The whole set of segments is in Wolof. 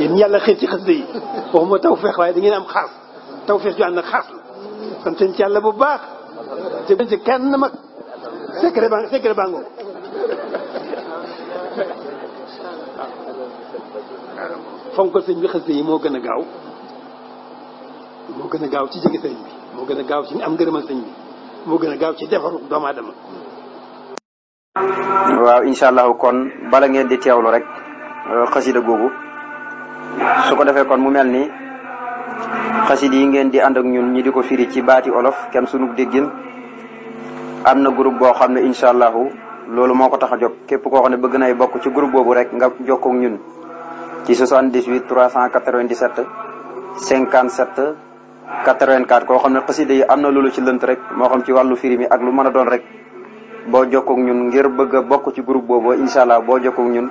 yéen yàlla xëy ci xasida yi waxuma tawfeex waaye da ngeen am xaas tawfeex ju ànd ak xaas la santen ci yàlla bu baax te ci kenn mag secret baa secret baa ngoog sëñ bi xasida yi moo gën a gaaw moo gën a gaaw ci jege sëñ bi moo gën a gaaw ci am ngërëmal sëñ bi moo gën a gaaw ci defaru doomu waaw incha allahu kon bala ngeen di teewlu rek xasida googu su ko defee kon mu mel ni xasida yi ngeen di àndak ñun ñi di ko firi ci baati olof kenn sunug déggin am na groupe boo xam ne incha allahu loolu moo ko tax a jóg képp koo xam ne bëgg nay bokk ci group boobu rek nga jokkoo ñun ci 78 397 57 84 koo xam ne xasida yi am na loolu ci lënt rek moo xam ci wàllu firi mi ak lu mën a doon rek boo jokkook ñun ngir bëgg bokk ci group boobu incha allah boo jokkoo ñun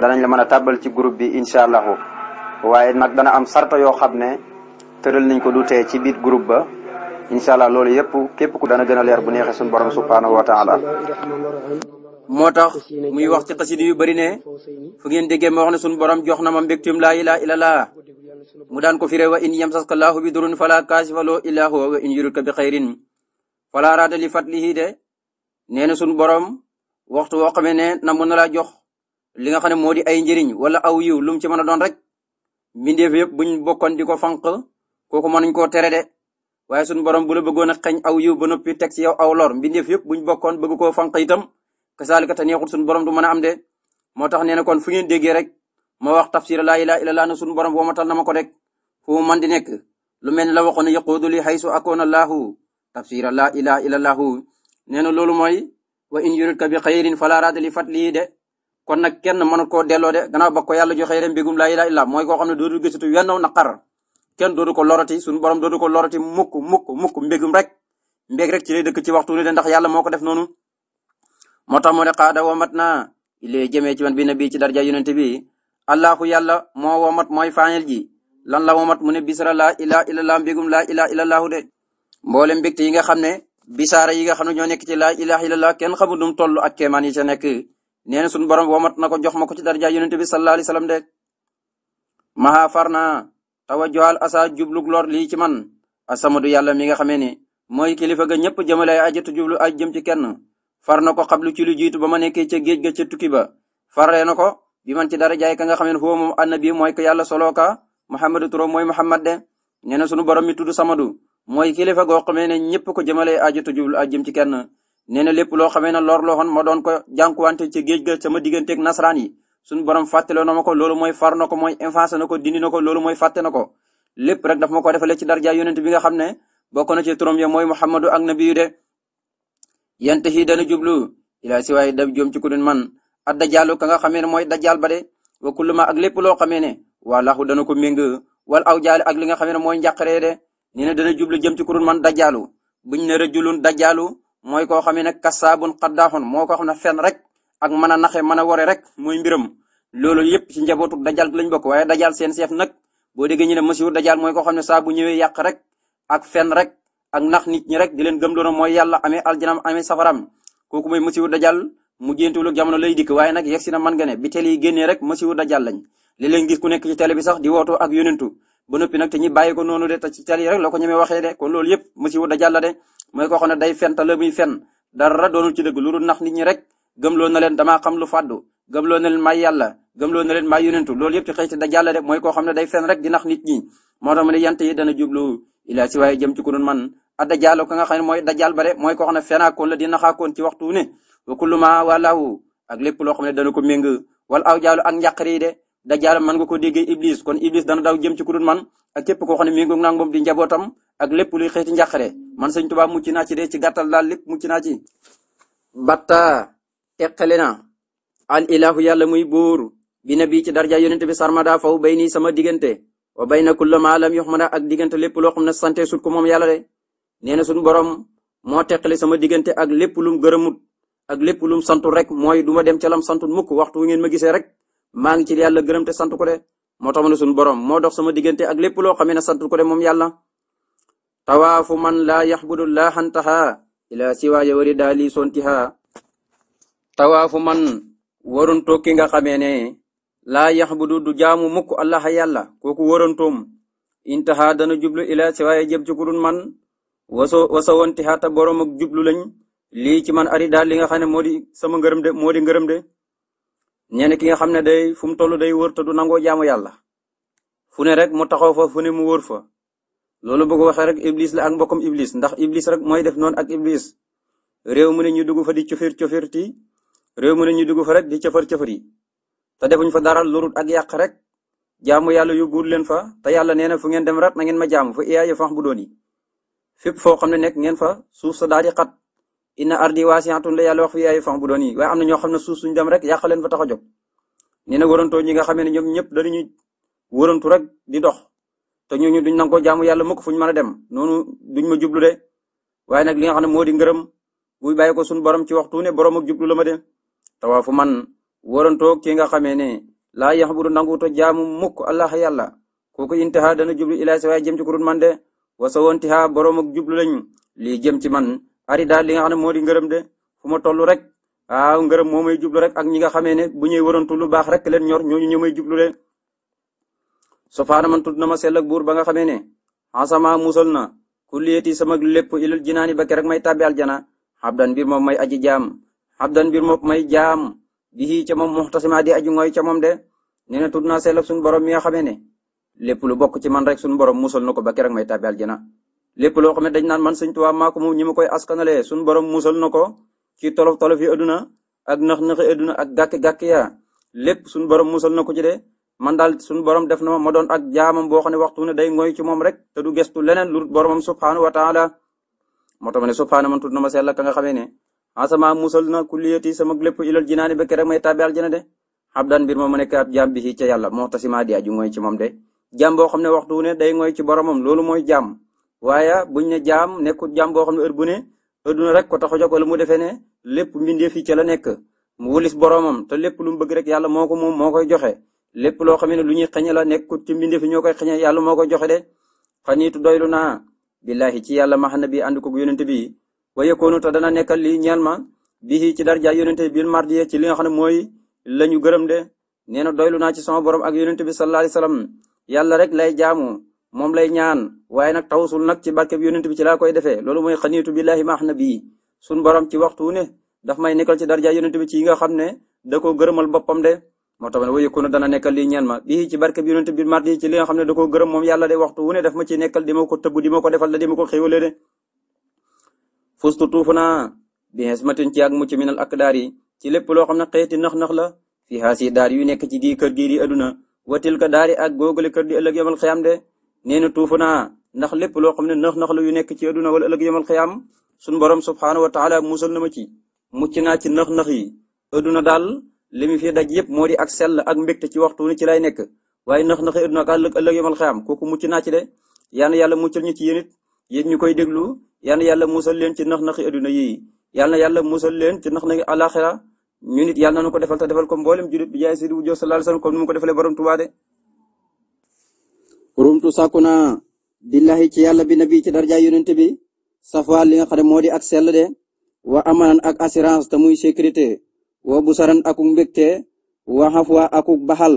danañ la mën a tàbbal ci groupe bi incha allahu waaye nag dana am sarta yoo xam ne tëral nañ ko du tee ci biir groupe ba incha lool loolu yëpp képp ku dana gën a leer bu neexee suñu borom subhaanahu wa taala moo tax muy wax ci xasida yu bëri ne fu ngeen déggee ma wax ne suñu borom jox na ma mbégtum laa ilaaha illallaah mu daan ko firé wa in yamsaska llaahu bi durun falaa kaashifa lahu illaa huwa wa in yuridka bi xayrin falaa raadda li fadlihi de nee na suñu borom waxtu woo xamee ne na mën na laa jox li nga xam ne moo di ay njëriñ wala aw yiw lu mu ci mën a doon rek mbindeef yëpp buñ bokkoon di ko fanq kooku mënuñ koo tere de waaye suñu borom bu la bëggoon a xañ aw yiw ba noppi teg si yow aw lor mbindeef yëpp buñ bokkoon bëgg koo fanq itam kasaalika te neexut suñu borom du mën a am de moo tax nee na kon fu ngeen déggee rek ma wax tafsir laa ilaaha illallaah ne suñu borom woomatal na ma ko rek fu mu mën nekk lu mel ne la waxoon ne yaquudu li haysu akoona laahu tafsir laa ilaaha illallaah nee na loolu mooy wa in yuridka bi xayrin falaa raadda li fadlihi de kon nag kenn mën koo delloo de gannaaw ba ko yàlla joxee rek mbégum laa ilaaha illa mooy koo xam ne dootu gisatu wennaw naqar kenn dootu ko lorati suñu borom dootu ko lorati mukk mukk mukk mbégum rek mbeg rek ci lay dëkk ci waxtu ne de ndax yàlla moo ko def noonu moo tax mu ne xaada womat na ilee jëmee ci man bi nabi ci darja yonente bi allahu yàlla moo womat mooy faañel ji lan la womat mu ne bisara laa ilaa illallah mbégum laa ilaa illallahu de mboole mbégte yi nga xam ne bisaara yi nga xam ne ñoo nekk ci laa ilaa illallah kenn xamul toll ak kéemaan yi ca nekk nee na sunu borom womat na ko jox ma ko ci darja yonent bi sallallahu alayhi wasallam de maha farna tawajjuhal asa jublug lor lii ci man asamadu yàlla mi nga xamee ne mooy kilifa ga ñëpp jëmale ay ajatu jublu aj jëm ci kenn far na ko xablu ci lu jiitu ba ma nekkee ca géej ga ca tukki ba faree na ko bi man ci dara jaay ka nga xam ne foo moom annabi mooy ko yàlla solo ka Muhammadu turo mooy Muhammad de nee na borom mi tudd Samadu mooy kilifa goo xamee ne ñëpp ko jëmale ajatu jublu aj jëm ci kenn nee na lépp loo xamee ne lor la woon ma doon ko jànkuwante ci géej ga sama digganteeg nasaraan yi suñu borom fàttaloo na ma ko loolu mooy far na ko mooy infacé na ko dindi na ko mooy fàtte na ko lépp rek daf ma ko defalee ci darja yonent bi nga xam ne bokk na ci turam ya mooy Muhammadu ak nabiyu de yente yi dana jublu ilaa si waaye dab joom ci ku dun man a dajaalu ka nga xamee ne mooy dajaal ba de wa kulluma ak lépp loo xamee ne waa laxu dana ko méng wal aw jaali ak li nga xamee ne mooy njàqaree de nee na dana jublu jëm ci ku man dajaalu buñ ne rajulun dajaalu mooy koo xam ne nag kasaabun xaddaaxun moo ko xam ne fen rek ak mën a naxe mën a wore rek mooy mbiram loolu yëpp ci njabootu dajal lañ bokk waaye dajal seen seef nag boo déggee ñu ne monsieur dajal mooy ko xam ne saa bu ñëwee yàq rek ak fen rek ak nax nit ñi rek di leen gëm loolu mooy yàlla amee aljanam amee safaram kooku mooy monsieur dajal mu géntuwul jamono lay dikk waaye nag yegg si na mën nga ne bi teel yi génnee rek monsieur dajal lañ léeg-léeg gis ku nekk ci bi sax di ak yonentu ba noppi nag te ñi bàyyi ko noonu de te ci tel yi rek la ko ñemee waxee de kon loolu yëpp musiba da jàll de mooy koo xam ne day fen te la fen dara doonul ci dëgg lu nax nit ñi rek gëmloo na leen damaa xam lu fàddu gëmloo na leen may yàlla gëmloo na leen may tu loolu yëpp ci xëy da jàll de mooy koo xam ne day fen rek di nax nit ñi moo tax mu ne yant yi dana jublu ila si waaye jëm ci ku dul man a dajaalo ka nga xam ne mooy dajaal bare mooy koo xam ne fenaakoon la di naxaakoon ci waxtu ne ak lépp loo xam ne dana ko méng wala aw jaalu ak njàqare de dajjaal mën nga ko déggee iblis kon iblis dana daw jëm ci ku dul man ak képp koo xam ne mi ngi nag moom di njabootam ak lépp luy xeeti njàqare man sëñ Tuubaa mucc naa ci de ci gàttal daal lépp mucc naa ci batta teqale na al ilahu yàlla muy buur bi nabi ci darja yonente bi sarmada faw bay nii sama diggante wa bay na kulla ma lam yuxmada ak diggante lépp loo xam ne sante sut ko moom yàlla de nee na suñ borom moo teqale sama diggante ak lépp lum gërëmut ak lépp lum santu rek mooy duma dem ca lam santut mukk waxtu wu ngeen ma gisee rek maa ngi ci yàlla gërëm te sant ko moota moo tax suñu borom moo dox sama diggante ak lépp loo xamee ne sant ko de moom yàlla. tawaafu man laa yaxbudu laaxantaha ila siwaaya wari daali sontiha tawaafu man waroon toog ki nga xamee ne laa yaxbudu du jaamu mukk allah yàlla kooku waroon toom intaha dana jublu ila siwaaya jëm ci kurun man waso wasawantiha ta borom ak jublu lañ lii ci man ari daal li nga xam ne moo di sama ngërëm de moo di ngërëm de. ñenn ki nga xam ne day fu mu toll day wër te du nangoo jaamu yàlla fu ne rek mu taxaw fa fu mu wër fa loolu bëgg waxee rek iblis la ak mbokkam iblis ndax iblis rek mooy def noonu ak iblis réew mu ne ñu dugg fa di cofir cofir ti réew mu ne ñu dugg fa rek di cëfar cëfar yi te defuñ fa dara lorut ak yàq rek jaamu yàlla yóbbuwul leen fa te yàlla nee na fu ngeen dem rat na ngeen ma jaamu fa iyaaya fax bu doon yi fépp foo xam ne nekk ngeen fa suuf sa daal di xat inna ardi waasi'atun la yàlla wax fi ay fan bu doon yi waaye am na ñoo xam ne suuf suñ dem rek yàq leen fa tax a jóg nee na warantoo xamee ne ñoom ñëpp dañuy warantu rek di dox te ñooñu duñ nangoo jaamu yàlla mukk fuñ mën a dem noonu duñ ma jublu de waaye nag li nga xam ne moo di ngërëm buy bàyyi ko suñu borom ci waxtu ne borom ak jublu la ma de tawaafu man warantoo ki nga xamee ne laa yaxbudu nanguto jaamu mukk allah yàlla kooku intihaa dana jublu ilaa si waaye jëm ci kurun man de wasa woon tihaa borom ak jublu lañ lii jëm ci man ari daal li nga xam ne moo di ngërëm de fu ma toll rek waaw ngërëm moo may jublu rek ak ñi nga xamee ne bu ñuy warantu lu baax rek leen ñor ñooñu ñoo may jublu de man tudd na ma sell ak buur ba nga xamee ne asama musal na kulliyati sama lépp ilal jinaani ba rek may tàbbi aljana abdan mbir moom may aji jaam abdan mbir moom may jaam bii ca moom muxtasima di aju ngooy ca moom de nee na tudd naa sell borom mi nga xamee ne lépp lu bokk ci man rek suñu borom musal na ko ba rek may tàbbi aljana lépp loo xam ne dañ naan man sëñ Tuubaa maa ko moom ñi ma koy askanalee suñu borom musal na ko ci tolof tolof yi adduna ak nax-naxi adduna ak gàkk-gàkk ya lépp suñu borom musal na ko ci de man daal suñu borom def na ma ma ak jaamam boo xam ne waxtu ne day ngoy ci moom rek te du gestu leneen lu boromam subhaanahu wa taala moo tax ma ne tudd na ma sell ka nga xamee ne asama musal na kulliyati sama lépp ilal jinaani ba rek may tàbbi aljana de abdan mbir moom ma nekk ab jaam bi ci ca yàlla moo tax si maa di aju ngoy ci moom boo xam ne waxtu ne day ngoy ci boromam loolu mooy jaam waaye buñ ne jaam nekkul jaam boo xam ne heure bu ne adduna rek ko tax a jóg wala mu defee ne lépp mbindeef yi ca la nekk mu wulis boromam te lépp lu mu bëgg rek yàlla moo ko moom moo koy joxe lépp loo xam ne lu ñuy xëñe la nekkut ci mbindeef yi ñoo koy xëñe yàlla moo koy joxe de xaniitu doylu naa billahi ci yàlla ma xam ne bii ànd ko yonente bi waaye koonu te dana nekkal lii ñeel ma bii ci darja yonente bi mardiye ci li nga xam ne mooy la ñu gërëm de nee na doylu naa ci sama borom ak yonente bi sallallahu alayhi wasallam yàlla rek lay jaamu moom lay ñaan waaye nag tawsul nag ci barke bi ci laa koy defee loolu mooy xaniitu billahi maax na bii suñ borom ci waxtu ne daf may nekkal ci darja yonent bi ci yi nga xam ne da koo gërëmal boppam de moo tax ma ne dana nekkal lii ñeen ma bii ci barke bi yonent bi mardi ci li ne da koo gërëm moom yàlla de waxtu ma ciy nekkal di ko tëbb di ma ko defal la di ma ko xéwale de fustu tuufu naa bi xismatin ci ak mucc minal akdaar yi ci lépp loo xam ne xeeti nax-nax la fi haasi daar yu nekk ci gii kër gii di aduna watil ka daari ak góogale kër di ëllëg yomal de nee na tuufu naa ndax lépp loo xam ne nax-nax la yu nekk ci àdduna wala ëllëg yomal xiyaam suñu borom subhaanahu wa taala musal na ma ci mucc naa ci nax-nax yi àdduna daal li mu fi daj yëpp moo di ak sell ak mbégte ci waxtu ni ci lay nekk waaye nax-nax yi àdduna ak ëllëg ëllëg yomal xiyaam kooku mucc naa ci de yal na yàlla muccal ñu ci yéen it yéen ñu koy déglu yal na yàlla musal leen ci nax-nax yi àdduna yi yal na yàlla musal leen ci nax-nax yi alaxira ñu nit na nu ko defal te defal ko mboolem julit bi jaay sidi bu jox sallallahu alayhi wasallam ko defalee borom Tuubaa de rumtu sàkku naa billahi ci yàlla bi nabi ci darja yonent bi safwaan li nga xam ne moo di ak sell de wa amanan ak assurance te muy sécurité wa busaran akuk mbégte wa xafwa akuk baxal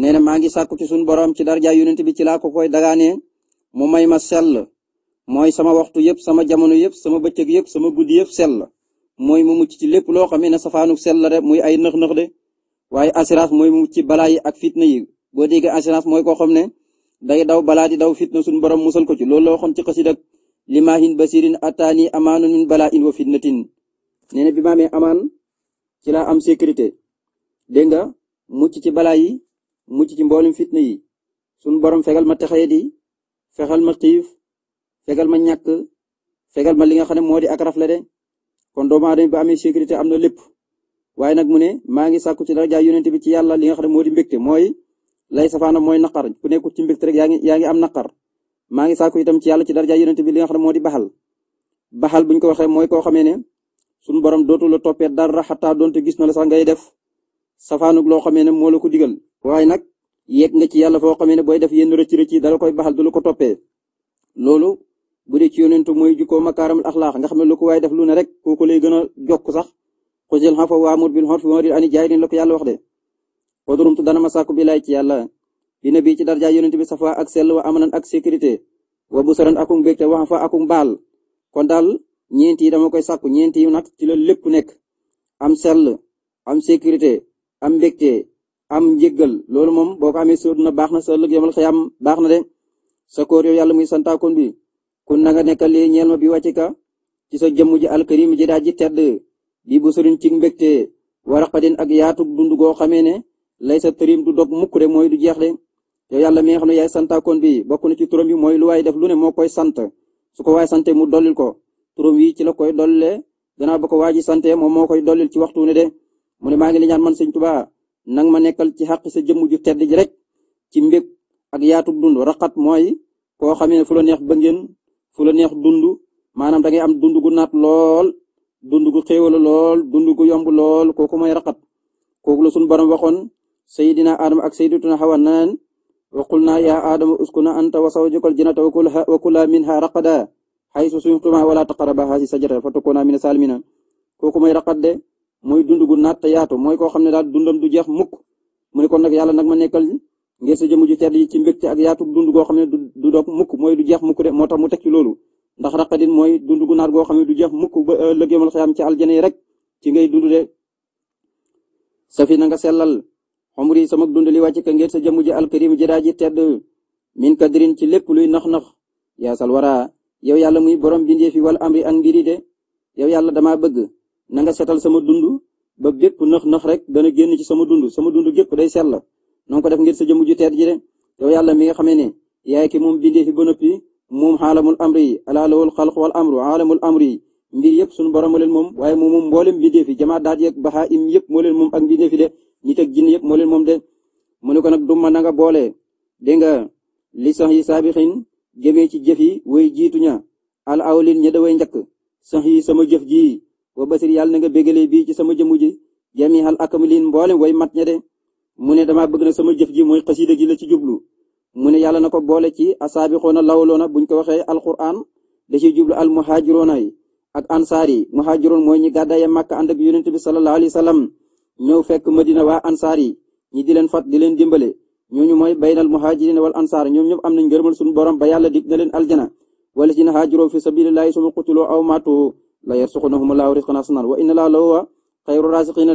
nee na maa ngi sàkku ci sun borom ci darja yonent bi ci laa ko koy dagaane mu may ma sell mooy sama waxtu yëpp sama jamono yëpp sama bëccëg yëpp sama guddi yëpp sell mooy mu mucc ci lépp loo xam ne safaanuk sell la muy ay nëx-nëx de waaye assurance mooy mu mucc ci balaa yi ak fitna yi boo déggee assurance mooy koo xam ne day daw balaa di daw fitna suñu borom musal ko ci loolu la waxoon ci xasida limaahin basirin ataani amaanu min balaa in wa fitnatin nee na bi ma amaan ci laa am sécurité dégg nga mucc ci balaa yi mucc ci mboolem fitna yi suñu borom fegal ma texee di fexal ma xiif fegal ma ñàkk fegal ma li nga xam ne moo di ak rafle de kon doomu aadama bi amee am na lépp waaye nag mu ne maa ngi sàkku ci daraja yonent bi ci yàlla li nga xam ne moo di mbégte mooy lay safaanam mooy naqar ku nekkul ci mbégte rek yaa ngi yaa ngi am naqar maa ngi saako itam ci yàlla ci darja yonent bi li nga xam ne moo baxal baxal buñ ko waxee mooy koo xamee ne suñu borom dootu la toppee dara xataa doonte gis na la sax ngay def safaanug loo xamee ne moo la ko digal waaye nag yegg nga ci yàlla foo xamee ne booy def yenn ci rëcc ci dala koy baxal du la ko toppee loolu bu dee ci yonentu mooy jukkoo makaaramul axlaax nga xam ne lu ko waaye def lu ne rek kooku lay gën a jokk sax xujil xafa waamur bil urfi wa'rid ani jaahilin la ko yàlla wax de wadurumtu dana ma sàkku bi laay ci yàlla bi ne bii ci darja yonent bi safa ak sell wa amanan ak sécurité wa bu soran akum bégte wax fa akum baal kon daal ñeent yi dama koy sàkku ñeenti yi nag ci la lépp nekk am sell am sécurité am mbégte am njëggal loolu moom boo ko amee sóor na baax na sa ëllëg yomal xiyam baax na sa koor yow yàlla muy santaakoon bi kon naga nga nekkal lii bi wàcc ci sa jëmm ji alkarim ji daa ji tedd bi bu soriñ ci mbégte waraqadin ak yaatu dund goo xamee ne lay sa tërim du dog mukk de mooy du jeex de yow yàlla mi nga xam ne yaay santaakoon bi bokk na ci turam yi mooy lu waay def lu ne moo koy sant su ko waay sante mu dollil ko turam yi ci la koy dolle gannaaw ba ko waa ji sante moom moo koy dollil ci waxtu ne de mu ne maa ngi la ñaan man sëñ Tuubaa nang ma nekkal ci xàq sa jëmm ju tedd ji rek ci mbég ak yaatug dund raqat mooy koo xamee ne fu la neex bëngeen fu la neex dund maanaam da ngay am dund gu naat lool dund gu xéewal lool dund gu yomb lool kooku mooy raqat kooku la suñu borom waxoon sayyidina Adama ak sayyidatuna Hawa naan wa qulnaa yaa Adama uskuna anta wa zawjukal jannata wa kulaa minhaa raqadaa haysu shi'tumaa wa laa taqrabaa haazihi shajarata fatakuunaa mina saalimiin kooku mooy raqat de mooy dund gu naat te yaatu mooy koo xam ne daal dundam du jeex mukk mu ne kon nag yàlla nag ma nekkal ngir sa jëmm ju tedd yi ci mbégte ak yaatu dund goo xam ne du mukk mooy du jeex mukk de moo tax mu teg ci loolu ndax raqadin mooy dund gu naat goo xam ne du jeex mukk ba ëllëg yawmal qiyaam ci aljana yi rek ci ngay dund de safi na nga sellal xumri sama dund li wàcc ka ngir sa jëmm ji alkarim ji daaji tedd min kadrin ci lépp luy nax-nax yaa sal wara yow yàlla muy borom bindee fi wal amri ak mbiri de yow yàlla dama bëgg na nga setal sama dund ba bépp nax-nax rek dana génn ci sama dund sama dund gépp day sell na nga ko def ngir sa jëmm ju tedd ji de yow yàlla mi nga xamee ne yaay ki moom bindee ba noppi moom xaalamul amri yi alaa lawul xalq wal amru xaalamul amri yi mbir yëpp suñu borom leen moom waaye moom yëpp moo leen moom ak nit ak jinn yëpp moo moom de mu ne ko nag du ma nanga boole dégg nga li sax yi saabixin jëmee ci jëf yi way jiitu ña al awlin ña da way njëkk sax yi sama jëf ji wa basir yàlla na nga bégalee bii ci sama jëmu ji jami al akamlin mboole woy mat ña de mu ne damaa bëgg na sama jëf ji mooy xasida gi la ci jublu mu ne yàlla na ko boole ci asaabixoona lawloona buñ ko waxee alquran da ciy jublu al muhaajiroona yi ak ansaar yi muhaajiroon mooy ñi gàddaaya màkk ànd ak yonent bi sallallahu alayhi wa ñëw fekk madina waa ansaar yi ñi di leen fat di leen dimbale ñooñu mooy baynal muhaajiriin wal ansaar ñoom ñëpp am na leen aljana wala si na haajuroo fi sabilillahi suma qutuloo aw maatu la yarsuqunahum laahu risqan hasanan wa inna laa lawa xayru raasiqina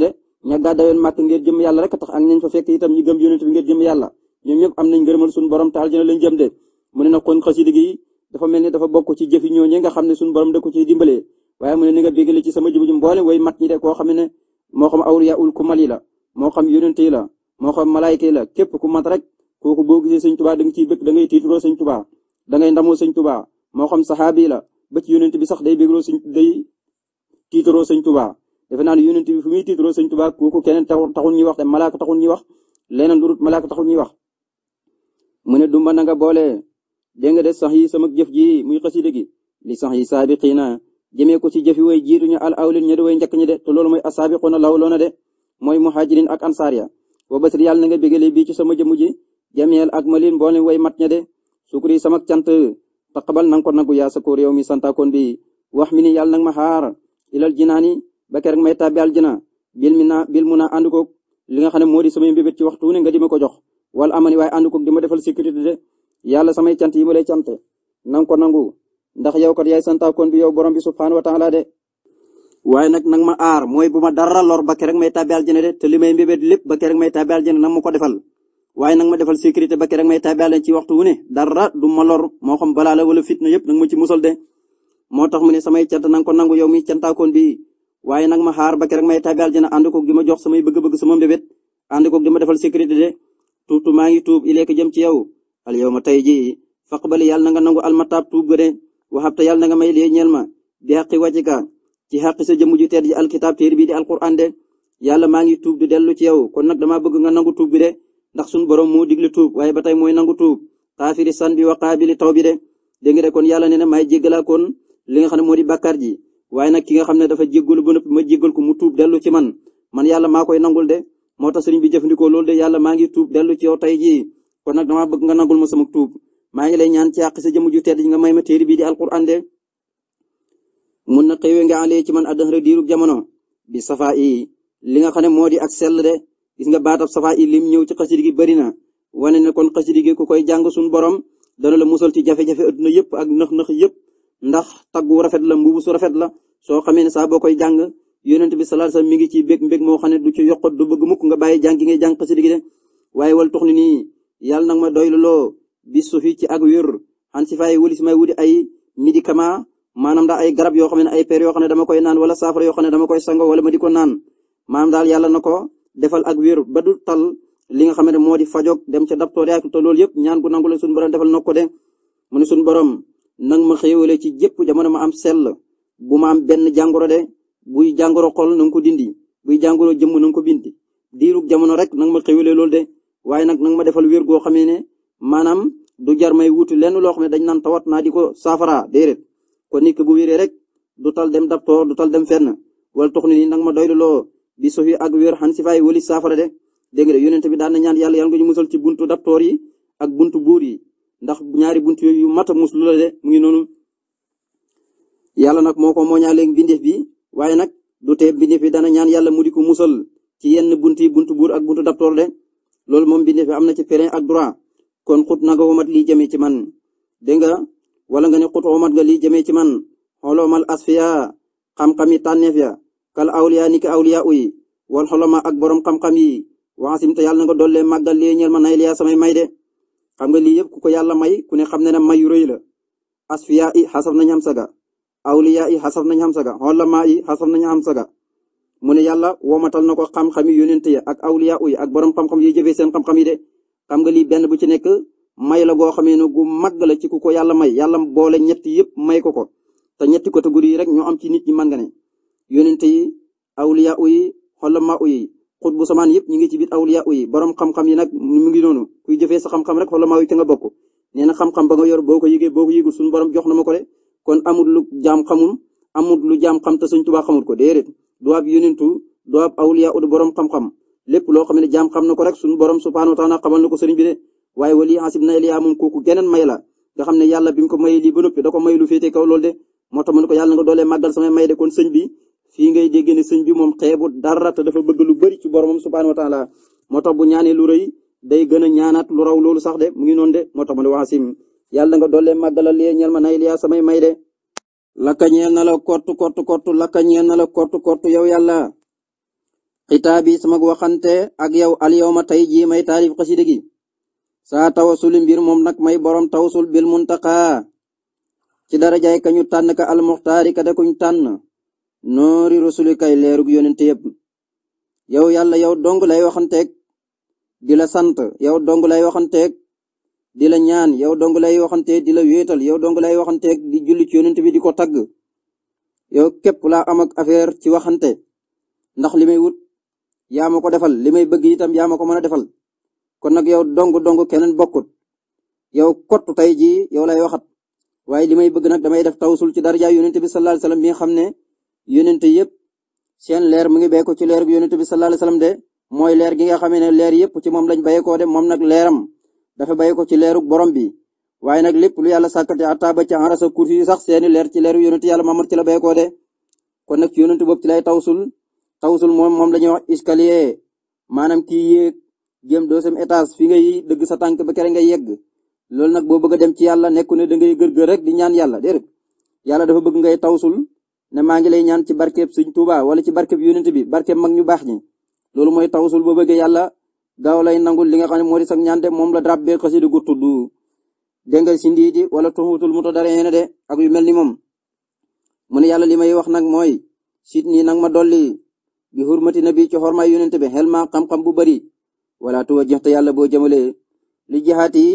fa fekk itam ñoom am nañ ngërëmal suñu borom te aljana lañ jëm de mu na kon xasida gi dafa mel ni dafa bokk ci jëfi ñooñu nga xam ne suñu borom da ko ciy dimbalee waaye mu ne ni nga bégale ci sama jëmu ji mboole way mat ñi de koo xam ne moo xam awliya ul kumal yi la moo xam yonent yi la moo xam malaayka yi la képp ku mat rek kooku boo gisee sëñ tubaa da nga ciy dangay da ngay tiituroo sëñ tubaa da ngay ndamoo sëñ moo xam saxaabi yi la ba ci bi sax day bégloo sëñ day tiituroo sëñ tubaa defe naa ne yonent bi fu muy tiituroo sañ tubaa kooku keneen taxul ñuy wax de malaaka taxul ñuy wax leneen lu dul malaaka taxul ñuy wax mu ne dumba na nga boole dégg nga de sax yi sama jëf ji muy xasida gi li sax yi saabiqiina jëmee ko ci jëfi way jiitu ñu al awlin ña di way njëkk ñi de te loolu mooy asaabiquna lawloona de mooy muhajirin ak ansaar ya wa basir yàlla na nga bégale bii ci sama jëmu ji jameel ak malin mboolem way mat ña de sukuri sama cant taqabal nang ko nagu yaa sa koor yow mi santaakoon bi wax mi ni yàlla nag ma xaar ilal jinaani ba keroog may tàbbi aljina bil mi naa bil mu naa ànd koog li nga xam ne moo di samay mbébét ci waxtu ne nga di ko jox wala amani waaye ànd koog di ma defal sécurité de yàlla yi ma lay cante nang ko ndax yow kat yaay kon bi yow boro bi subhaanahu wa taala de waaye nag ma aar mooy bu ma dara lor ba kerek may tàbbi aljana de te li may mbébét lépp ba kerek may tàbbi aljana nag ma ko defal waaye nag ma defal sécurité ba kerek may tàbbi aljana ci waxtu wu ne dara du ma lor moo xam balaa la wala fitna yëpp nag ma ci musal de moo tax mu ne samay cant nang ko nangu yow mi cantaakoon bi waaye nag ma xaar ba kerek may tàbbi aljana ànd koog ma jox samay bëgg-bëgg sama mbébét ànd koog di ma defal sécurité de maa ngi tuub ileeka jëm ci yow al yow ma tey ji faqbali yàlla na nga nangu almataab tuub ga de waxabta yàlla na may lee ñeel ma bi xaqi wàccika ci xaqi sa jëmm ju tedd ji alkitaab téere bi di alquran de yàlla maa ngi tuub di dellu ci yow kon nag dama bëgg nga nangu tuub bi de ndax sun borom moo digle tuub waaye ba tey mooy nangu tuub san bi wa qaabili taw bi de dégg nga kon yàlla nee na may jéggalaa li nga xam ne moo di bàkkaar ji waaye nag ki nga xam ne dafa jéggalu ba noppi ma jéggal ko mu tuub dellu ci man man yàlla maa koy nangul de moo tax sëriñ bi jëfandikoo lool de yàlla maa ngi tuub dellu ci yow tey jii kon nag dama bëgg nga nangul ma sama tuub maa ngi lay ñaan ci àq sa jëmm ju tedd nga may ma téere bii di alquran de mun na xëywee nga alee ci man àdduna diiru jamono bi safa i li nga xam ne moo di ak sell de gis nga baatab safa yi lim ñëw ci xasida gi bëri na wane ne kon xasida gi ku koy jàng suñu borom dana la musal ci jafe-jafe adduna yëpp ak nëx-nëx yëpp ndax taggu rafet la mbubu su rafet la soo xamee ne saa boo koy jàng yonent bi salaat sa mi ngi ci bég mbég moo xam ne du ci yokk du bëgg mukk nga bàyyi jàng gi ngay jàng xasida gi de waaye wal tux ni nii yàlla nag ma doyluloo bi suufi ci ak wér xan si fay wuli si may wuti ay médicament maanaam daal ay garab yoo xam ne ay per yoo xam ne dama koy naan wala saafara yo xam ne dama koy sangoo wala ma di ko naan maanaam daal yàlla na ko defal ak wér ba du tal li nga xam ne moo di fajog dem ca daptoor yaay te loolu yëpp ñaan bu nangu la suñu borom defal na ko de mu ne suñu borom nang ma xéewale ci jëpp jamono ma am sell bu ma am benn jàngoro de buy jàngoro xol na nga ko dindi buy jàngoro jëmm na nga ko bindi diirug jamono rek nang ma xéewale loolu de waaye nag nang ma defal wér goo xamee ne maanaam du jar may wuti lenn loo xam ne dañ naan tawat naa di ko saafara déedéet kon nit ki bu wéree rek du tal dem dab toor du tal dem fenn wala tox ni nii nag ma doylu loo bi sofi ak wér xan si fay wali saafara de dégg nga yonent bi daan na ñaan yàlla yàlla nga ñu musal ci buntu dab toor yi ak buntu buur yi ndax ñaari buntu yooyu yu mat a muslu la de mu ngi noonu yàlla nag moo ko mooñaaleeg bindeef bi waaye nag du tee bindeef bi dana ñaan yàlla mu di ko musal ci yenn buntu yi buntu buur ak buntu dab toor de loolu moom bindeef bi am na ci frein ak droit kon xut na nga womat lii jëmee ci man dégg nga wala nga ne xut womat nga lii jëmee ci man xoloomal asfiya xam-xami tànneef ya kal awliya ni ki awliya uy wal xoloma ak borom xam-xam yi waasimte yàlla na nga dollee màggal lii ñeel ma nay liyaa samay may de xam nga lii yëpp ku ko yàlla may ku ne xam ne ne may yu rëy la asfiya i xasaf nañ xam saga awliya i xasaf nañ xam saga xoloma i xasaf nañ xam saga mu ne yàlla womatal na ko xam-xami yonent ya ak awliya uy ak borom xam-xam yi seen xam yi de xam nga lii benn bu ci nekk may la goo xamee ne gu màgg la ci ku ko yàlla may yàlla boole ñetti yëpp may ko ko te ñetti catégorie yi rek ñoo am ci nit ñi man nga ne yonent yi awliya yi xolama yi xut bu samaan yëpp ñu ngi ci biir awliya yi borom xam-xam yi nag mu ngi doonu kuy jëfee sa xam-xam rek xolama yi te nga bokk nee na xam-xam ba nga yor boo ko yëgee boo ko yëgul suñu borom jox na ma ko de kon amul lu jaam xamul amul lu jaam xam te suñ tubaa xamul ko déedéet du yonentu du ab awliya borom xam lépp loo xam ne jaam xam na ko rek suñu borom subhaanahu wa na ko sëriñ bi de waaye wali ansib na Eliya moom kooku geneen may la nga xam ne yàlla bi ko may lii ba noppi da ko may lu féete kaw loolu de bi moom xeebu dara te dafa bëgg lu bëri ci boromam subhaanahu lu rëy day a ñaanaat lu raw loolu sax de mu ngi noonu de moo tax mu ne waa sim yàlla nga doolee màggalal lee ma na Eliya samay may de lakka ñeel na la kott kott kott lakka ñeel na la kott kott yow yàlla xitaabi sama waxante ak yow alyawma tey jii may taarif xasida gi saa tawasuli mbir moom nag may borom tawasul bil muntaqa ci dara darajaay ñu tànn ka almuxtaari ka de kuñ tànn noori rasuli kay leerug yonent yëpp yow yàlla yow dong lay waxanteeg di la sant yow dong lay waxanteeg di la ñaan yow dong lay waxante di la wéetal yow dong lay waxanteeg di julli ci yonent bi di ko tagg yow képp laa amak ak affaire ci waxante ndax li wut yaa ma ko defal li may bëgg itam yaa ma ko mën a defal kon nag yow dong dong keneen bokkut yow kottu tey jii yow lay waxat waaye li may bëgg nag damay def tawsul ci dara daraja yonent bi sallallahu alayhi wasallam mi nga xam ne yonent yëpp seen leer mu ngi bàyyi ci leer bi yonent bi sallallahu alayhi wasallam de mooy leer gi nga xam ne leer yëpp ci moom lañ bàyyi koo de moom nag leeram dafa bàyyi ci leeruk borom bi waaye nag lépp lu yàlla sàkkati ataaba ci arasa kursi sax seeni leer ci leer yonent yàlla Muhammad ci la bàyyi koo de kon nag ci yonent boobu ci lay xawsul moom moom la wax escalier maanaam kii yéeg jëm deuxième étage fi ngay dëgg sa tànk ba kere nga yegg loolu nag boo bëgg a dem ci yàlla nekku ne dangay gër gërgër rek di ñaan yàlla déedéet yàlla dafa bëgg ngay tawsul ne maa ngi lay ñaan ci barkeeb Sëñ Tuuba wala ci barkeeb yonent bi barkeeb mag ñu baax ñi loolu mooy tawsul boo bëggee yàlla gaaw lay nangul li nga xam ne moo di sax ñaan moom la drap bee xasida gu tudd dégg nga si ndiiti wala tuxutul mu dara yéene de yu mel ni moom mu yàlla li may wax nag mooy sit nii nag ma dolli bi hurmati nabi ci xormaay yonent bi xel ma xam-xam bu bari wala tuwa jeex te yàlla boo jëmalee li jihaat yi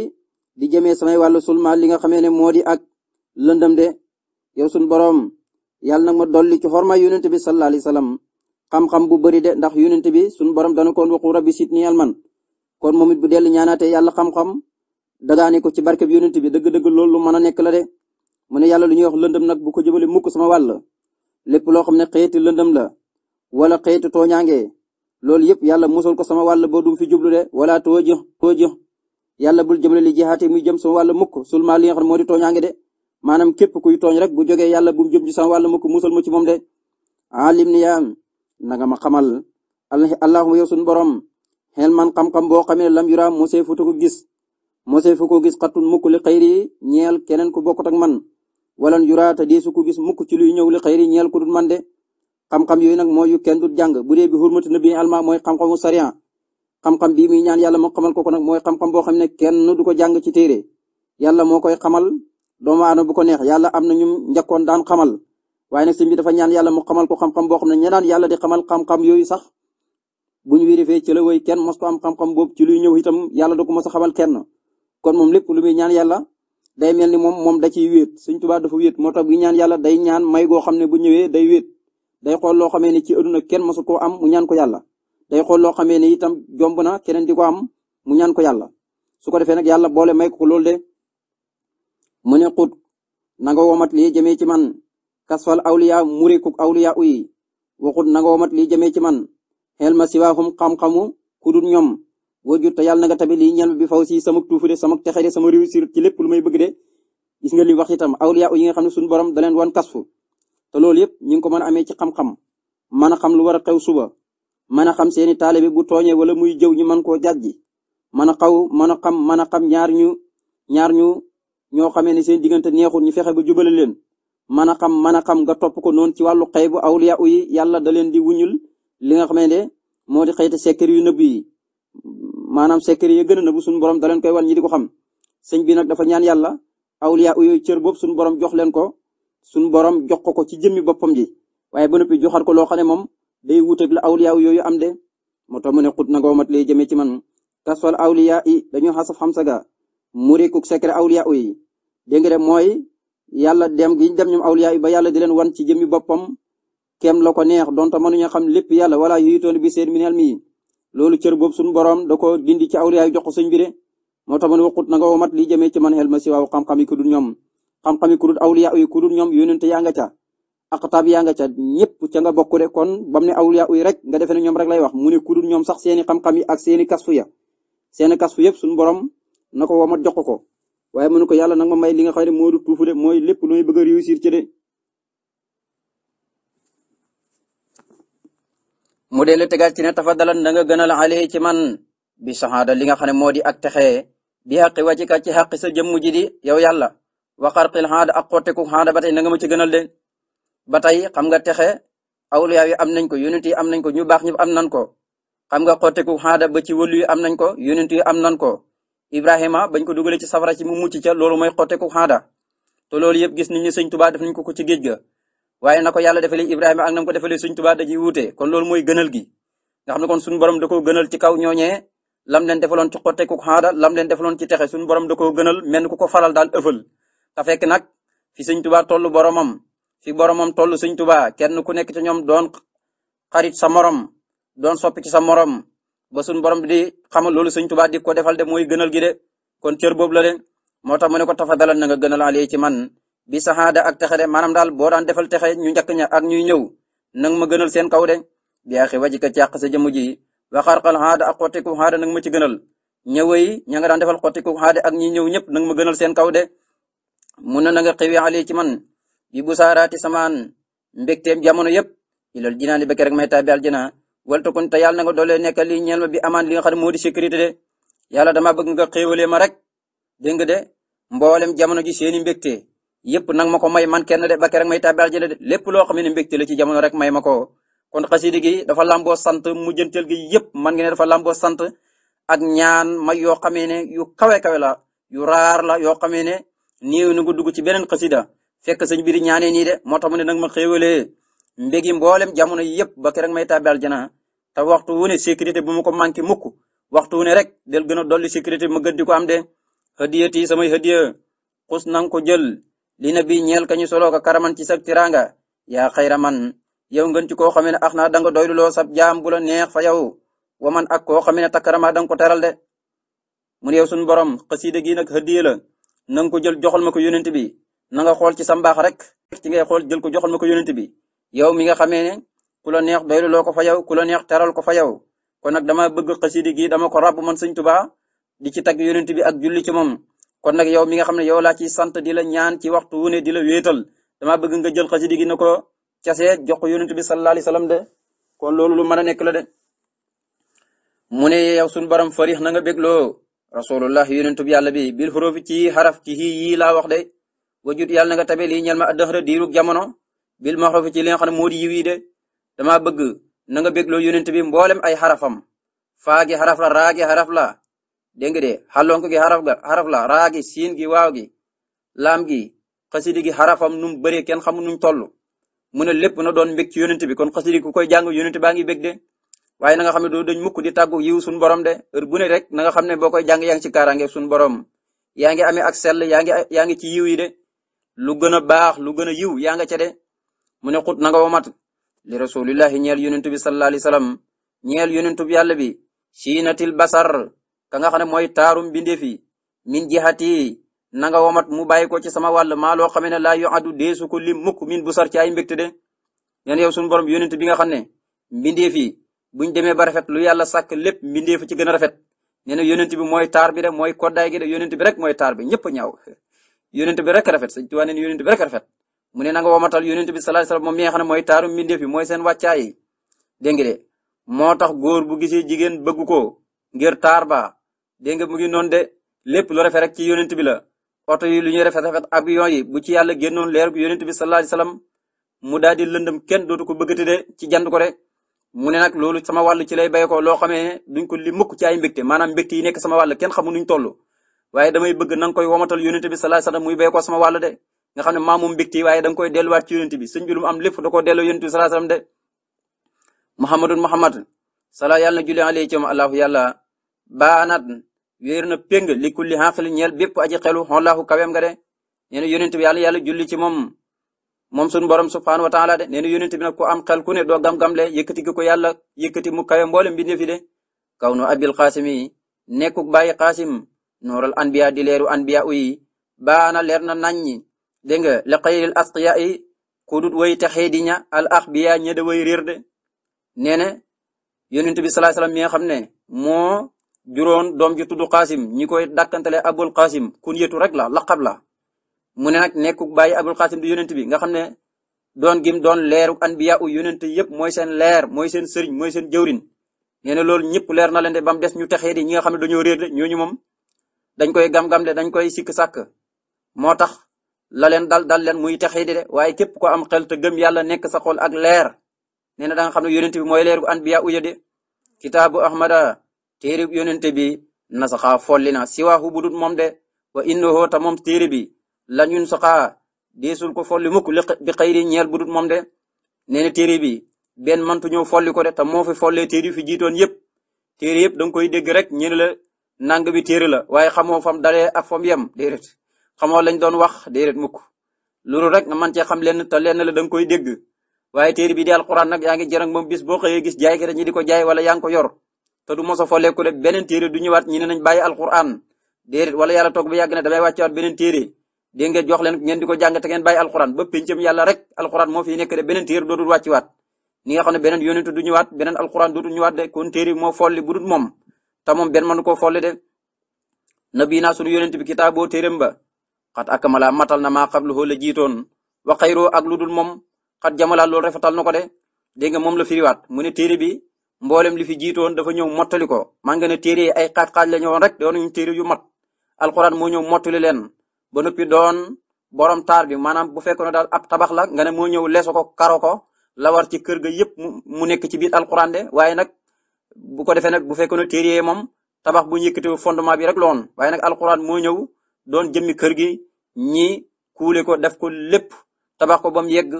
di jëmee samay wàllu sulma li nga xamee ne moo di ak lëndëm de yow sun boroom yàlla nag ma dolli ci xormaay yonent bi sallallahu alayhi wasallam xam-xam bu bari de ndax yonent bi sun borom dana koon waxu rabbi sit ni alman kon moom it bu dellu ñaanaate yàlla xam-xam dagaane ko ci barkeb yonent bi dëgg-dëgg loolu lu mën a nekk la de mu ne yàlla lu ñuy wax lëndëm nag bu ko jëmale mukk sama wàll lépp loo xam ne xeeti lëndëm la wala xeetu tooñaange loolu yëpp yàlla musal ko sama wàll bo dum fi jublu de wala tooji tooji yàlla bul le li jihaati muy jëm sama wàll mukk sul ma li nga xam moo di tooñaange de maanaam képp kuy tooñ rek bu jógee yàlla bu mu jëm ci sama wàll mukk musal ma ci moom de alim ni yaa nanga ma xamal allahuma yow suñu borom xel man xam-xam boo xamee lam yura mosee fu ko gis mosee fu ko gis xattun mukk li xëyri ñeel keneen ku bokkut ak man walan yura te dee ko gis mukk ci luy ñëw li xëyri ñeel ku man de xam-xam yooyu nag mooy yu kenn du jàng bu dee bi xurmatu nabi alma mooy xam-xamu sariya xam-xam bii ñaan yàlla moo xamal ko ko nag mooy xam-xam boo xam ne kenn du ko jàng ci téere yàlla moo koy xamal doomu aadama bu ko neex yàlla am na ñu njëkkoon daan xamal waaye nag sëñ bi dafa ñaan yàlla mu xamal ko xam-xam boo xam ne ñenaan daan yàlla di xamal xam-xam yooyu sax bu ñu wérifee ci la way kenn mos ko am xam-xam boobu ci luy ñëw itam yàlla du ko mos a xamal kenn kon moom lépp lu muy ñaan yàlla day mel ni moom moom da ciy wéet sëñ Tuubaa dafa wéet moo tax bu ñaan yàlla day ñaan may goo xam ne bu ñëwee day wéet day xool loo xamee ne ci aduna kenn mosu koo am mu ñan ko yàlla day xool loo xamee ni itam jomb na keneen di am mu ñan ko yàlla su ko defee nag yàlla boole may ko loolu de mu ne xut na nga womat lii jëmee ci man kasfal awliya murikuk awliya uyi waxut na nga womat lii jëmee ci man xel ma siwaahum xam-xamu ku dul ñoom wajut te yàlla na nga tabi lii ñel bi faw si sama tuufu de sama texe de sama réussir ci lépp lu may bëgg de gis nga wax itam awliya yi nga xam ne suñu borom da leen wan kasfu te loolu yëpp ñi ngi ko mën a amee ci xam-xam mën a xam lu war a xew suba mën a xam seeni taalibe bu tooñee wala muy jëw ñi man koo jàjji mën a xaw mën xam mën a xam ñaar ñu ñaar ñu ñoo xamee ne seen diggante neexul ñu fexe ba jubale leen mën a xam mën a xam nga topp ko noonu ci wàllu xëy bu awliya yi yàlla da leen di wuñul li nga xamee ne moo di xëyte secret yu nëbb yi maanaam secret yi gën a nëbb suñu borom da leen koy wal ñi di ko xam sëñ bi nag dafa ñaan yàlla awliya yooyu cër boobu suñu borom jox leen ko suñ borom jox ko ko ci jëmmi boppam ji waaye ba noppi joxaat ko loo xam ne moom day wuuteeg la awliyaaw yooyu am de moo tax mu ne xut nangoo mat lay jëmee ci man kaswal awliyaa yi dañoo xasaf xamsa ga murikuk secret awliyaaw yi dégg nga de mooy yàlla dem gi dem ñoom awliyaaw yi ba yàlla di leen wan ci jëmmi boppam kem la ko neex donte mënuñu xam lépp yàlla wala yutoon bi seen minel mi loolu cër boobu suñu borom da ko dindi ci awliyaaw jox ko sëñ bi de moo tax mu ne waxut nangoo mat li jëmee ci man xel ma si yi ko du ñoom xam-xami ku dul awliya yi ku dul ñoom yónente yaa nga ca aqtaab yaa nga ca ñëpp ca nga bokk de kon bam ne awliya yi rek nga defee ne ñoom rek lay wax mu ne ku dul ñoom sax seeni xam-xam yi ak seeni kasfu ya seeni kasfu yëpp suñu borom na ko womat jox ko waaye mënu ko yàlla nag ma may li nga xam ne moo du tuufu de mooy lépp lu may bëgg a réussir ci de mu dellu tegaat ci ne tafadalan na nga gënal alayhi ci man bi saxaada li nga xam ne moo di ak texe bi xaqi wàcc ka ci xaqi sa jëmm ji di yow yàlla waqar xil xaada a xotteeku xaada ba tey na nga ma ci gënal de ba tey xam nga texe a yi am nañ ko yonent yi am nañ ko ñu baax ñëpp am nañ ko xam nga xotteeku xaada ba ci wëlu yi am nañ ko yonent yi am nañ ko Ibrahima bañ ko dugalee ci safara ci mu mucc ca lool mooy xotteeku xaada te loolu yëpp gis nañ ne sëñ Tuubaa def nañ ko ko ci géej ga waaye na ko yàlla defalee Ibrahima ak na ko defalee sëñ Tuubaa dañuy wuute kon loolu mooy gënal gi nga xam ne kon suñu borom da koo gënal ci kaw ñooñee lam leen defaloon ci xotteeku xaada lam leen defaloon ci texe suñu borom da koo gënal mel ku ko faral daal ëffal te fekk nag fi sëñ Tuubaa toll boromam fi boromam toll sëñ Tuubaa kenn ku nekk ci ñoom doon xarit sa morom doon soppi ci sa morom ba suñ borom di xamal loolu sëñ Tuubaa di ko defal de mooy gënal gi de kon cër boobu la de moo tax mu ne ko tafa dalal na nga gënal alee ci man bi saxaada ak texe de maanaam daal boo daan defal texe ñu njëkk ña ak ñuy ñëw nang ma gënal seen kaw de bi axi wajika càq sa jëmm ji waxarxal xaada ak xottiku xaada nang ma ci gënal ñëwee ña nga daan defal xottiku xaada ak ñi ñëw ñëpp nang ma gënal seen kaw mun na na nga xewi ali ci man bi bu saaraati samaan mbégteem jamono yëpp ilal jinaani ba rek may tàbbi aljana wal takun te yàlla na nga doole nekkal li ñeel ma bi amaan li nga xam ne moo di sécurité de yàlla dama bëgg nga xéewalee ma rek dégg nga de mboolem jamono ji seeni mbégte yëpp nang ma ko may man kenn de ba rek may tàbbi aljana de lépp loo xam ne mbégte la ci jamono rek may ma ko kon xasida gi dafa lamboo sant mujjantel gi yëpp man nga ne dafa lamboo sant ak ñaan may yoo xamee ne yu kawe kawe yu raar yoo xamee ne néew na ko dugg ci beneen xasida fekk sëñ bi di ñaanee nii de moo tax mu ne nag ma xéewalee mbégi mboolem jamono yëpp ba keroog may tàbbi na te waxtu wu ne sécurité bu ma ko manqué mukk waxtu wu ne rek del gën a dolli sécurité bi ma gën di ko am de hadiyati samay hadiya xus nang ko jël li na bi ñeel kañu soloo ka man ci sag tiranga yaa xayra man yow ngën ci koo xam ne ax naa danga doyluloo sab jaam bu neex fa yow wa man ak koo xam ne takkaramaa danga ko teral de mu ne suñu borom xasida gi nag hadiya la na nga ko jël joxal ma ko yonent bi nanga xool ci sa mbaax rek ci ngay xool jël ko joxal ma ko yonent bi yow mi nga xamee ne ku la neex doylu loo ko fa yow ku la neex teral ko fa yaw kon nag dama bëgg xasidi gi dama ko ràbb man sëñ Tuubaa di ci tagg yonent bi ak julli ci moom kon nag yow mi nga xam ne yow laa ci sant di la ñaan ci waxtu wu ne di la wéetal dama bëgg nga jël xasidi gi na ko casee jox ko yonent bi sallallahu alayhi wasallam de ko loolu lu mën a nekk la de mu ne yow suñu borom farix na nga bégloo rasulullah yonentub yàlla bi bil xurufi ci xaraf ci xii yii laa wax de wajut yàlla na nga tabe lii ñel ma dëxra diirug jamono bil maxrufi ci lin nga xam ne moo di yiw de dama bëgg nanga nga bégloo yonent bi mboolem ay xarafam faagi xaraf la raagi xaraf la dégg nga de xalonk gi xaraf ga xaraf raagi siin gi waaw gi laam gi xasidi gi xarafam num bëree kenn xamul nuñ toll mu ne lépp na doon mbég ci yonent bi kon xasidi ku koy jàng yonent baa ngi bég de waaye na nga xam ne dañ mukk di tàggu yiw suñu borom de heure bu rek na nga xam ne boo koy jàng yaa ngi ci kaaraangeeg suñu borom yaa ngi amee ak sell yaa ngi yaa ngi ci yiw yi de lu gën a baax lu gën a yiw yaa nga ca de mu ne xut na nga womat li rasulillahi ñeel yonentu bi sallallahu alayhi wasallam ñeel yonentu bi yàlla bi siinatil basar ka nga xam ne mooy taarum bindeef yi min jihati na nga womat mu bàyyi ko ci sama wàll maa loo xamee ne laa yu addu deesu ko lim mukk min bu sar ci ay mbégte de yéen yow suñu borom yonent bi nga xam ne mbindeef yi buñ demee ba rafet lu yàlla sàkk lépp mbindeefu ci gën a rafet nee na yonent bi mooy taar bi de mooy koddaay gi de yonent rek mooy taar bi ñëpp ñaaw yonent bi rek rafet sëñ Tuubaa nee na yonent bi rek rafet mu ne na nga womatal yonent bi sallallahu alayhi wasallam moom mi nga xam ne mooy taaru mbindeef yi mooy seen wàccaay moo tax góor bu gisee jigéen bëgg ko ngir taar ba dégg nga mu ngi noonu de lépp lu rafet rek ci yonent bi la oto yi lu ñuy rafet rafet avion yi bu ci yàlla génnoon leer gu yonent bi sallallahu alayhi wasallam mu daal di lëndëm kenn dootu ko bëggati de ci jand ko de mu ne nag loolu sama wàll ci lay bay ko loo xamee ne duñ ko li mukk ci ay mbégte maanaam mbégte yi nekk sama wàll ken xamu nuñ toll waaye damay bëgg na nga koy womatal yonente bi sallallahu alayhi wasallam muy bay ko sama wàll de nga xam ne maa moom mbégte yi waaye da nga koy delluwaat ci yonente bi sëñ bi lu mu am lépp da koo delloo yonente bi sallallahu alayhi wasallam de muhammadun muhammad sala yàlla na julli alayhi ci allahu yàlla baanaat wéer na péng li kulli xaqli ñeel bépp aji xelu xonlaahu kawem nga de nee na yonente bi yàlla yàlla julli ci moom moom suñu borom subhaanahu wa taala de nee na yonent bi nag ku am xel ku gam-gamle yëkkati gi ko yàlla yëkkati mu kawe mboolem bi ne fi de kaw nu abil xaasimi nekkuk bàyyi xaasim nooral anbiya di anbiya uyi baana leer na nañ ñi dégg nga la xayril asqiya yi ku dut way di ña al axbiya ña da way réer na bi salaay salaam mi nga xam ne moo juróon doom ji tudd xaasim koy dàkkantale abul xaasim kun yetu rek la laqab la mu ne nag nekkuk bàyyi abul xaasim di yonent bi nga xam ne doon gim doon leeru anbiya u yonent yëpp mooy seen leer mooy seen sëriñ mooy seen jëwrin nee na loolu ñëpp leer na leen de ba des ñu texee di nga xam ne dañoo réer de ñu moom dañ koy gam-gam de dañ koy sikk sàkk moo tax la leen dal dal leen muy texee di de waaye képp ko am xel te gëm yàlla nekk sa xol ak leer nee na da xam ne yonent bi mooy leeru anbiya u ya de kitaabu ahmada téerib yonent bi nasaxa folli na siwaahu budut moom de wa innahu ta moom téere bi la ñun saxaa deesul ko folli mukk bi xayri ñeel budut moom de nee na téere bi benn mantu ñëw folli ko de ta moo fi follee téere yu fi jiitoon yëpp téere yëpp da nga koy dégg rek ñu ne la nàng bi téere la waaye xamoo fam dalee ak fam yem déedéet xamoo lañ doon wax déedéet mukk loolu rek nga mën cee xam lenn te lenn la da koy dégg waaye téere bi di alquran nag yaa ngi jërëng moom bis boo xëyee gis jaay gi ñi di ko jaay wala yaa ngi ko yor te du mos a folleeku de beneen téere du ñëwaat ñi ne nañ bàyyi alquran déedéet wala yàlla toog ba yàgg na damay wàccewaat beneen téere dégg nga jox leen ngeen di ko jàng te ngeen bàyyi alxuraan ba pencam yàlla rek alxuraan moo fi nekk de beneen téere dootul wàcciwaat ni nga xam ne beneen yonent du ñëwaat beneen alxuraan dootul ñëwaat de kon téere moo folli bu dul moom te moom benn mënu koo folli de nabi naa sunu yonent bi kitaaboo téereem ba xat akamala matal na maa xabluhu la jiitoon wa xayroo ak lu dul moom xat jamala loolu rafetal na ko de dégg nga moom la firiwaat mu ne téere bi mboolem li fi jiitoon dafa ñëw mottali ko maa ngi ne téere ay xaaj-xaaj la ñëwoon rek doonuñu téere yu mat alxuraan moo ñëw mottali leen ba noppi doon borom taar bi maanaam bu fekkoon ne daal ab tabax la nga ne moo ñëw leso ko karo ko la ci kër ga yëpp mu nekk ci biir alquran de waaye nag bu ko defee nag bu fekkoon ne téere yi moom tabax bu ñu yëkkatee fondement rek loon woon waaye nag alquran moo ñëw doon jëmmi kër gi ñi kuule ko def ko lépp tabax ko ba mu yegg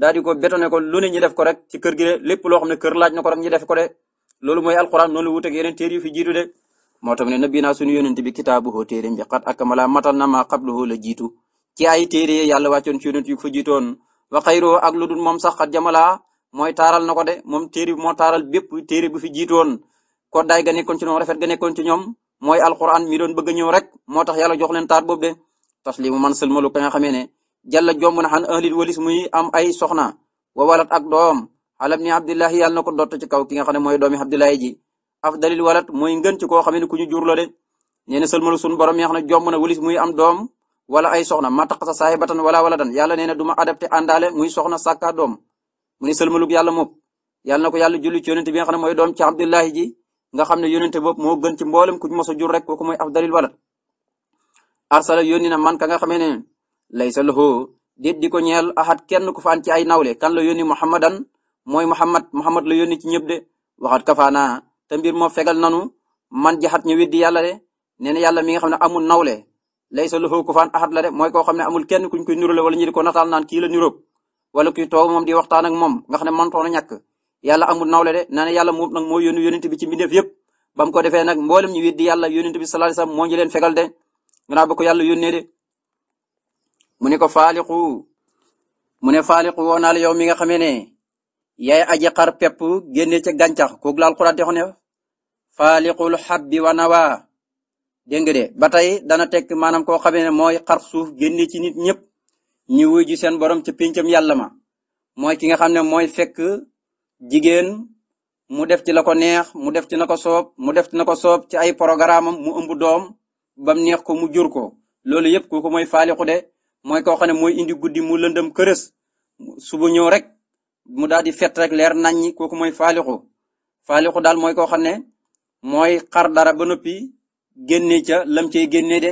daal di ko bétonné ko ñu def ko rek ci kër gi de lépp loo xam ne kër laaj na ko rek ñu def ko de loolu mooy alquran noonu la wuuteeg yeneen téere yu fi jiitu de. moo tax ne nabi naa suñu yonent bi kitaabuhu téeréem bi akamala matal na maa qabluhu la jiitu ci ay téere yàlla wàccoon ci yonent yu fa jiitoon wa xayroo ak lu dul moom sax xat jamala mooy taaral na ko de moom téere bi moo taaral bépp téere bu fi jiitoon ko daay ga nekkoon ci ñoom rafet ga nekkoon ci ñoom mooy alquran mi doon bëgg a rek moo tax yàlla jox leen taar boobu de taslimu man sëlmalu ka nga xamee ne jàlla jomb na xan ahlil walis muy am ay soxna wawalat ak doom xalam ni abdillahi yàlla na ko dott ci ki nga xam ne mooy doomi abdillahi ji afdalil walad mooy ngën ci koo xam ne ku ñu jur la de nee na sëlmalu sunu borom yeex na jomb na walis muy am doom wala ay soxna mataqasa saahibatan wala waladan yàlla nee na du ma adapté àndaale muy soxna sàkka doom mu ne sëlmalug yàlla moom yàlla na ko yàlla julli ci yonente bi nga xam ne mooy doom ci abdullahi ji nga xam ne yonente bopp moo gën ci mboolem ku ñu mos a jur rek kooku mooy afdalil walad arsala yónni na man ka nga xamee ne laysa lahu déet di ko ñeel axat kenn ku faan ci ay nawle kan la yónni muhammadan mooy muhammad muhammad la yónni ci ñëpp de waxat kafaana te mbir moom fegal nanu man jaxat ñu di yàlla de nee na yàlla mi nga xam ne amul nawle lay sa loxo ku faan axat la de mooy koo xam ne amul kenn kuñ koy nurale wala ñu di ko nataal naan kii la niroog wala kuy toog moom di waxtaan ak moom nga xam ne mëntoon a ñàkk yàlla amul nawle de nee na yàlla moom nag moo yónni yónent bi ci mbindeef yëpp ba mu ko defee nag mboolem ñu weddi yàlla yónent bi sallallahu alayhi wasallam moo ñu leen fegal de gannaaw ba ko yàlla yónnee de mu ne ko faaliqu mu ne faaliqu woo naa yow mi nga xamee ne yaay aji xar pepp génne ca gàncax kooku la alxuraan di faaliqul xabbi wa nawaa dégg nga de ba tey dana tekk maanaam koo xamee ne mooy xar suuf génne ci nit ñëpp ñu ji seen borom ca pincam yàlla ma mooy ki nga xam ne mooy fekk jigéen mu def ci la ko neex mu def ci na ko soob mu def ci na ko soob ci ay programme am mu ëmb doom bam neex ko mu jur ko loolu yëpp kooku mooy faaliqu de mooy koo xam ne mooy indi guddi mu lëndëm kërës suba ñëw rek mu daal di fet rek leer naññi kooku mooy faaliqu faaliqu daal mooy koo xam ne mooy xar dara ba noppi génne ca lam cey génne de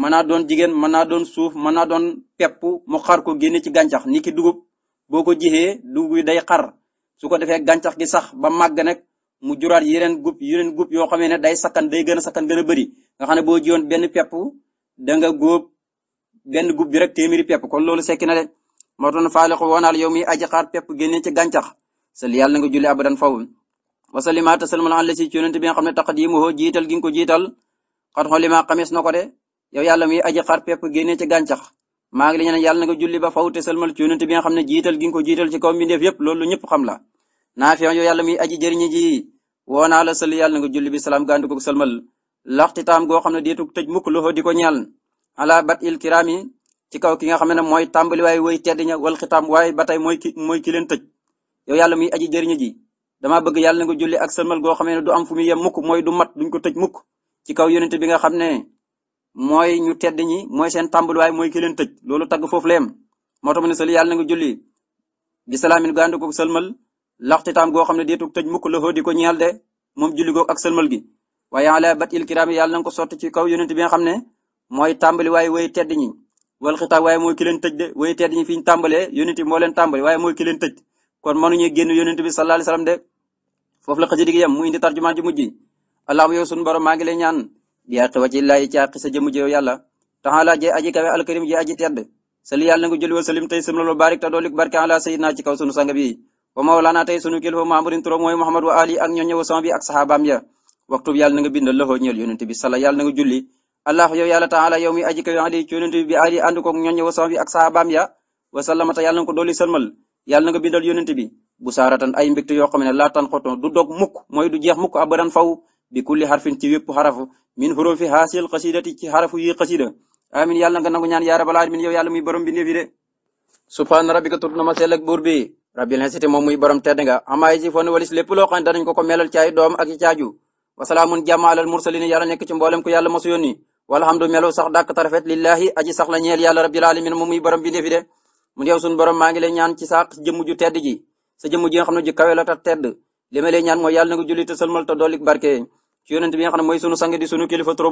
mën naa doon jigéen mën naa doon suuf mën naa doon pepp mu xar ko génne ci gàncax ni ki dugub boo ko jixee dugub yi day xar su ko defee gàncax gi sax ba màgg nag mu juraat yeneen gub yeneen gub yoo xamee ne day sakkan day gën a sakkan gën a bëri nga xam ne boo jiwoon benn pepp da nga góob benn gub bi rek téeméeri pepp ko loolu sekki na de moo doon faale ko woonaal yow mi aji xaar pepp génne ci gàncax sal yàlla nga julli abadan fawun wasalimaat asalmal ala si ci yonent bi nga xam ne taqdimuhu jiital gi nga ko jiital xat xolima xamis na ko de yow yàlla muy aji xar maa ngi la ñaan yàlla na nga julli ba fawte salmal ci yonent bi nga xam ne jiital gi nga ko jiital ci kaw mbindeef yépp loolu ñëpp xam la naafi yow aji jëriñi ji woo naa la sël yàlla na julli bi salaam gàndu ko salmal laxti taam xam ne deetu tëj mukk loxo di ko ñeel ala bat il kiraami ci kaw ki nga xam ne mooy tàmbali waaye way tedd ña wal xitaam waaye ba tey mooy ki mooy ki leen tëj yow yàlla muy aji jëriñi ji damaa bëgg yàlla na nga julli ak sëlmal goo xamee ne du am fu muy yem mukk mooy du mat duñ ko tëj mukk ci kaw yonent bi nga xam ne mooy ñu tedd ñi mooy seen tàmbaliwaay mooy ki leen tëj loolu tagg foofu la moo tax ma ne sëli yàlla na nga julli bi salaamin gànd ko sëlmal laxtitaam goo xam ne deetuk tëj mukk la di ko ñeel de moom julli ak sëlmal gi waaye ala bat il kiraam na nga ko ci kaw yonent bi nga xam ne mooy tàmbaliwaay way tedd ñi wal xitaab waaye mooy ki leen tëj de way tedd ñi fi ñu tàmbalee yonent bi waaye mooy ki tëj kon mënuñu génn yonent bi sallallahu alayhi wasallam de foofu la xasida gi mu indi tarjumaa ju mujj allahumma yow sunu borom maa ngi lay ñaan bi àqi wàcci laay ci àqi sa jëmu na nga jël wa salim tey sëm loolu barik ta doolik ak saxaabaam ya waxtu bi yàlla na nga bindal loxoo ñeel yonent bi sala yàlla na nga julli allah yàlla nga bindal yonent bi bu saaratan ay mbégte yoo xam ne laataan xotoo du dog mukk mooy du jeex mukk abadan faw bi kulli xarfin ci wépp xarafu min xurufi xaasil xasidati ci xarafu yi xasida amin yàlla nangu ñaan yaa rabal alamin yow muy borom bi néefi de subhaana rabbika tur na ma sell ak buur bi rabbil moom muy borom tedd nga amaay si walis lépp loo xam ko ko melal doom ak caaju wasalaamun jàmm alal mursalin nekk ci mu ne yow borom maa ngi lay ñaan ci saq jëmm ju tedd ji sa jëmm ji xam ne ju kawe tedd li ma ñaan mooy yàlla na sunu sang di sunu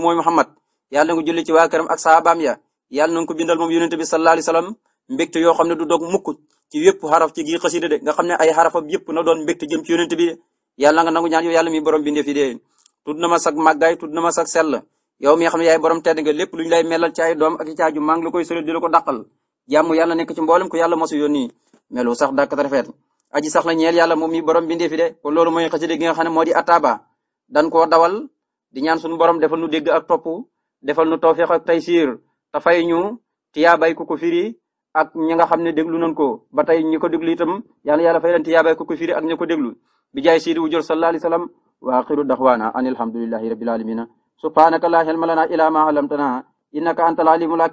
mooy Muhammad yàlla na julli ci waa ak saabaam ya yàlla na ko bindal moom yonent bi sallallahu alayhi wasallam mbégte yoo xam ne du dog mukk ci yépp xaraf ci gi xasida de nga xam ne ay xarafam yépp na doon mbégte jëm ci yonent bi yàlla nga nangu ñaan yow yàlla mi borom bindee fi de tudd na ma sag màggaay tudd na ma sag sell yow jàmm yàlla nekk ci mboolem ku yàlla mosu yónni melu sax dàkk rafet aji sax la ñeel yàlla moom mi borom bindee fi de kon loolu mooy xasida gi nga xam ne ataaba dan koo dawal di ñaan suñu borom defal nu dégg ak topp defal nu tawfiq ak taysiir te fay ñu tiyaabay ku ko firi ak ñi nga xam ne déglu nañ ko ba tey ñi ko déglu itam yàlla yàlla fay leen tiyaabay ku ko firi ak ñi ko déglu bi jaay sidi wu jël sallallahu alayhi wa sallam wa axiru daxwaana an alhamdulillahi rabbil alamina subhanaka laa ilma lana ila ma alamtana